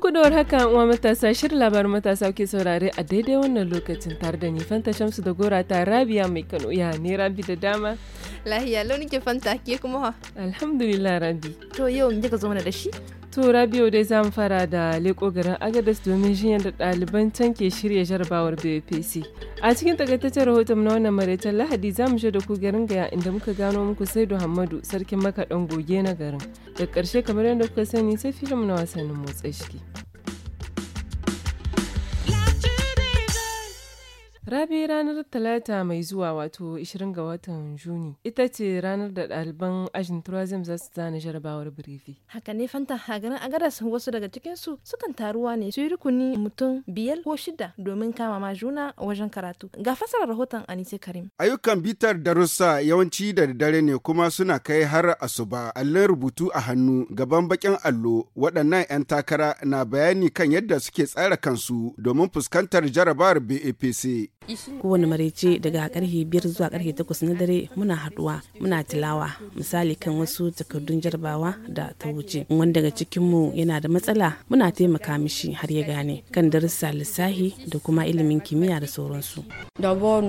kudowar haka wa matasa shirin labarin matasa ke saurare a daidai wannan lokacin tare da nifanta shamsu da gora ta rabia mai kano ya ne rabi da dama lahiya launin ke fanta ke kuma ha alhamdulillah rabi to yau me ka zo mana da shi to rabi yau dai zamu fara da leko garin agadas domin shi yadda ɗaliban can ke shirya jarabawar bapc a cikin takaitaccen rahoton na wannan maraitar lahadi zamu mu da ku garin gaya inda muka gano muku saidu hamadu sarkin makaɗan goge na garin da ƙarshe kamar yadda kuka sani sai filin na wasannin motsa shi Rabi ranar Talata mai zuwa wato 20 ga watan Juni ita ce ranar da ɗaliban ajin Turazim za su zana jarabawar birifi. Haka ne fanta hagarin agaras wasu daga cikinsu sukan taruwa ne su yi rukuni mutum biyar ko shida domin kama ma juna wajen karatu. Ga fasarar rahoton Anise Karim. Ayyukan bitar darussa yawanci da dare ne kuma suna kai har asuba. Allon rubutu a hannu gaban bakin allo waɗannan 'yan takara na bayani kan yadda suke tsara kansu domin fuskantar jarabawar BAPC. kowane maraice daga karfe biyar zuwa karfe takwas na dare muna haduwa muna tilawa misali kan wasu takardun jarabawa da ta wuce wanda daga cikinmu yana da matsala muna taimaka mishi har ya gane kan darussa lissahi da kuma ilimin kimiyya da sauransu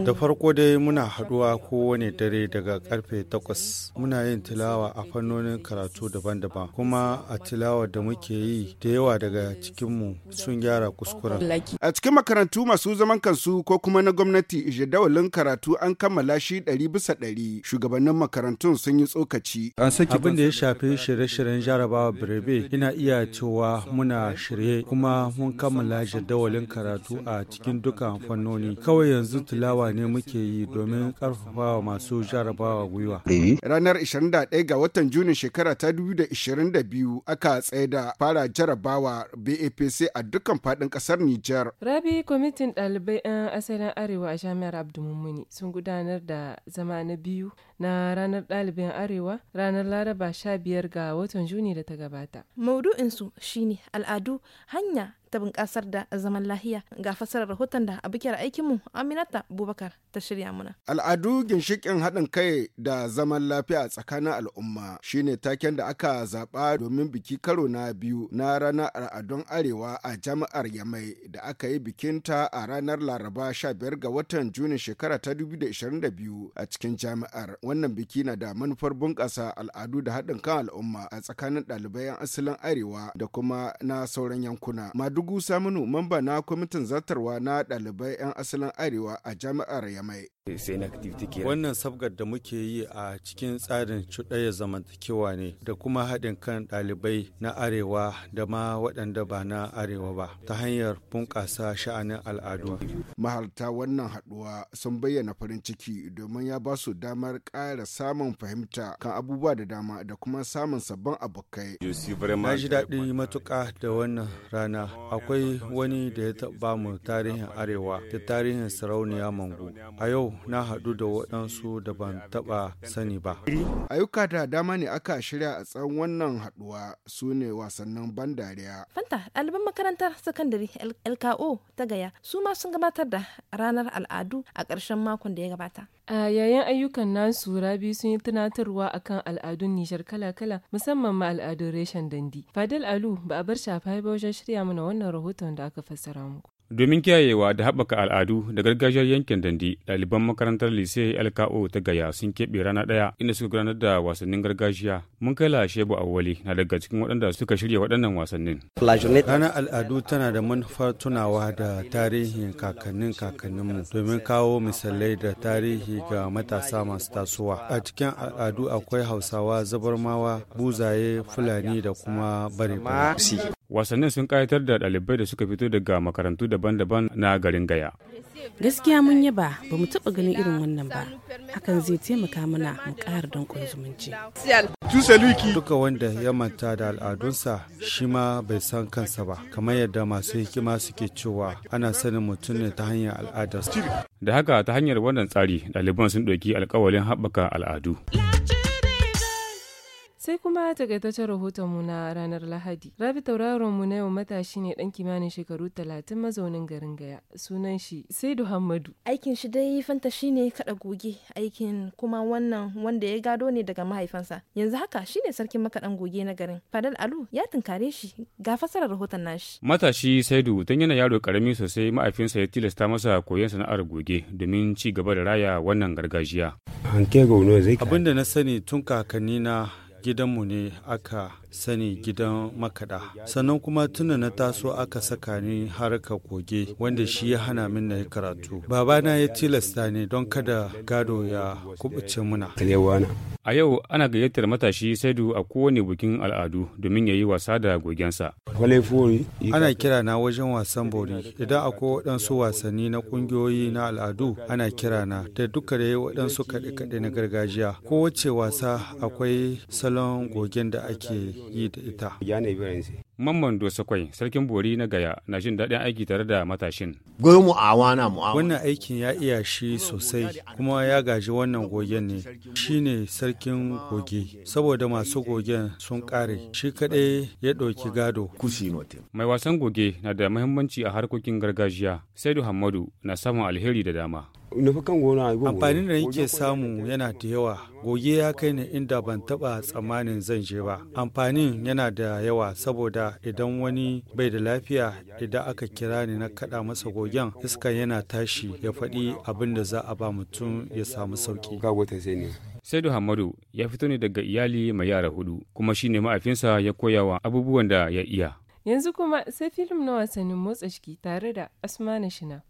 da farko dai muna haduwa kowane dare daga karfe takwas muna yin tilawa a fannonin karatu daban-daban kuma a tilawa da muke yi da yawa daga cikinmu sun gyara kuskuren a cikin makarantu masu zaman kansu ko kuma na gwamnati jadawalin karatu an kammala shi ɗari bisa ɗari shugabannin makarantun sun yi tsokaci. An saki abin da ya shafi shirye-shiryen jarabawa birebe ina iya cewa muna shirye kuma mun kammala jadawalin karatu a cikin dukkan fannoni kawai yanzu tilawa ne muke yi domin karfafawa masu jarabawa gwiwa. Eh. Ranar 21 ga watan Juni shekara ta 2022 aka da fara jarabawa BAPC a dukkan faɗin kasar Nijar. Rabi kwamitin ɗalibai 'yan eh, asalin Arewa a Jami'ar Abdulmumuni sun gudanar da zama na biyu na ranar ɗalibin Arewa ranar Laraba sha biyar ga watan Juni da ta gabata. Maudu'insu shine al'adu hanya ta bunƙasar da zaman lahiya ga fasarar rahoton da abokiyar aikinmu aminata bubakar ta shirya muna al'adu ginshikin haɗin kai da zaman lafiya a tsakanin al'umma shine taken da aka zaɓa domin biki karo na biyu na ranar al'adun arewa a jami'ar yamai da aka yi bikinta a ranar laraba 15 ga watan juni shekara ta 2022 a cikin jami'ar wannan biki na da manufar bunƙasa al'adu da haɗin kan al'umma a tsakanin ɗalibai asalin arewa da kuma na sauran yankuna gusa Saminu mamba na kwamitin zartarwa na ɗalibai 'yan asalin Arewa a jami'ar Yamai. Wannan sabgar da muke yi a cikin tsarin cuɗaya zamantakewa ne da kuma haɗin kan ɗalibai na Arewa da ma waɗanda ba na Arewa ba ta hanyar bunƙasa sha'anin al'adu. Maharta wannan haɗuwa sun bayyana farin ciki domin ya ba su damar ƙara samun fahimta kan abubuwa da dama da kuma samun sabbin abokai. Na ji daɗi matuƙa da wannan rana akwai wani da ya taɓa mu tarihin arewa da tarihin sarauniya mangu a yau na haɗu da waɗansu da ban taɓa sani ba ayyuka da dama ne aka shirya a tsawon wannan haɗuwa su ne wasannin ban dariya fanta ɗaliban makarantar sakandare lko ta gaya su ma sun gabatar da ranar al'adu a ƙarshen makon da ya gabata A yayin ayyukan nasu, Rabi sun yi tunatarwa akan al'adun Nijar kala-kala musamman ma al'adun reshen dandi. Fadel Alu ba a bar shafa ba wajen shirya mana wannan rahoton da aka fassara muku. Domin kiyayewa da haɓaka al'adu da gargajiyar yankin dandi, ɗaliban makarantar lise LKO ta gaya sun keɓe rana ɗaya inda suka gudanar da wasannin gargajiya. Mun kai shebu a awwali na daga cikin waɗanda suka shirya waɗannan wasannin. Ranar al'adu tana da manufar tunawa da tarihin kakannin kakanninmu domin kawo misalai da tarihi ga matasa masu tasowa. A cikin al'adu akwai Hausawa, Zabarmawa, Buzaye, Fulani da kuma bare wasannin sun kayatar da ɗalibai da suka fito daga makarantu daban-daban na garin gaya gaskiya mun yaba ba mu taɓa ganin irin wannan ba hakan zai taimaka mana mu ƙara danƙon zumunci duka wanda ya manta da al'adunsa shi ma bai san kansa ba kamar yadda masu hikima suke cewa ana sanin mutum ne ta hanyar al'adarsa da haka ta hanyar wannan tsari ɗaliban sun ɗauki alkawalin haɓaka al'adu Sai kuma takaitaccen rahotonmu na ranar Lahadi. Rabi tauraronmu na yau matashi ne dan kimanin shekaru talatin mazaunin garin Gaya. Sunan shi Saidu Hamadu. Aikin shi dai fanta shi ne kaɗa goge. Aikin kuma wannan wanda ya gado ne daga mahaifansa. Yanzu haka shi ne sarkin makaɗan goge na garin. Fadal Alu ya tunkare shi ga fasarar rahoton nashi. Matashi Saidu tun yana yaro karami sosai mahaifinsa ya tilasta masa koyon sana'ar goge domin ci gaba da raya wannan gargajiya. abinda na sani tun kakanni na gidanmu ne aka sani gidan makada sannan kuma tuna na taso aka saka ni harka goge wanda shi ya hana min na yi karatu babana ya tilasta ne don kada gado ya kubuce muna a yau ana gayyatar matashi saidu a kowane bikin al'adu domin ya yi wasa da gogensa ana kira na wajen wasan bori idan akwai waɗansu wasanni na kungiyoyi na al'adu ana kira na da duka da yi waɗansu kaɗe-kaɗe na gargajiya kowace wasa akwai salon gogen da ake yi da Mamman Dosakwai, Sarkin Bori na Gaya, na jin daɗin aiki tare da matashin. Goyon wana mu Wannan aikin ya iya shi sosai, kuma ya gaji wannan gogen ne. Shi ne Sarkin Goge, saboda masu gogen sun ƙare, shi kaɗai ya ɗauki gado. Mai wasan goge na da muhimmanci a harkokin gargajiya, Saidu Hamadu na samun alheri da dama. amfanin da yake samu yana da yawa goge ya kai ni inda ban taba tsammanin zan je ba amfanin yana da yawa saboda idan wani bai da lafiya idan aka kira ni na kada masa gogen iska yana tashi ya faɗi abin da za a ba mutum ya samu sauki Saidu Hamadu ya fito ne daga iyali mai yara hudu kuma shi ne ma'aifinsa ya koya wa abubuwan da ya iya. Yanzu kuma sai filim na wasannin motsa ciki tare da Asmana Shina.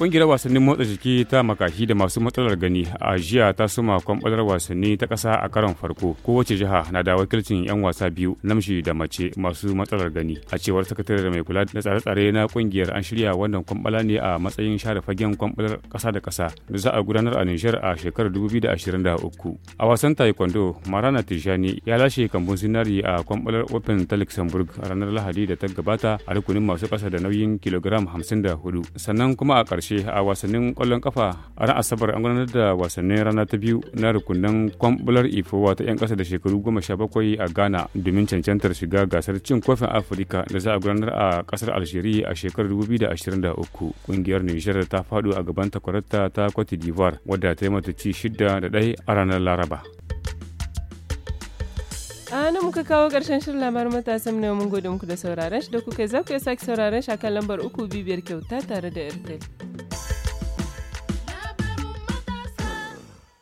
kungiyar wasannin motsa jiki ta makashi da masu matsalar gani a jiya ta suma kwamɓalar wasanni ta ƙasa a karon farko. Kowace jiha na da wakilcin 'yan wasa biyu namshi da mace masu matsalar gani. A cewar sakatare da mai kula da tsare-tsare na ƙungiyar an shirya wannan kwamɓala ne a matsayin share fagen kwamɓalar ƙasa da ƙasa da za a gudanar a Nijar a shekarar 2023. A wasan taekwondo Marana Tijani ya lashe kambun sinari a kwamɓalar Open ta Luxembourg ranar Lahadi da ta gabata a rukunin masu ƙasa da nauyin kilogram hudu Sannan kuma a ƙarshe ƙarshe a wasannin kwallon kafa a ran asabar an gudanar da wasannin rana ta biyu na rukunin kwambular ifowa ta 'yan kasa da shekaru goma sha bakwai a ghana domin cancantar shiga gasar cin kofin afirka da za a gudanar a kasar algeria a shekarar 2023 ƙungiyar nijar ta faɗo a gaban takwarata ta cote d'ivoire wadda ta yi mata ci shida da ɗaya a ranar laraba a nan muka kawo ƙarshen shirin labarin matasan na mun gode muku da sauraron shi da kuka za ku sake sauraron shi kan lambar uku bibiyar kyauta tare da airtel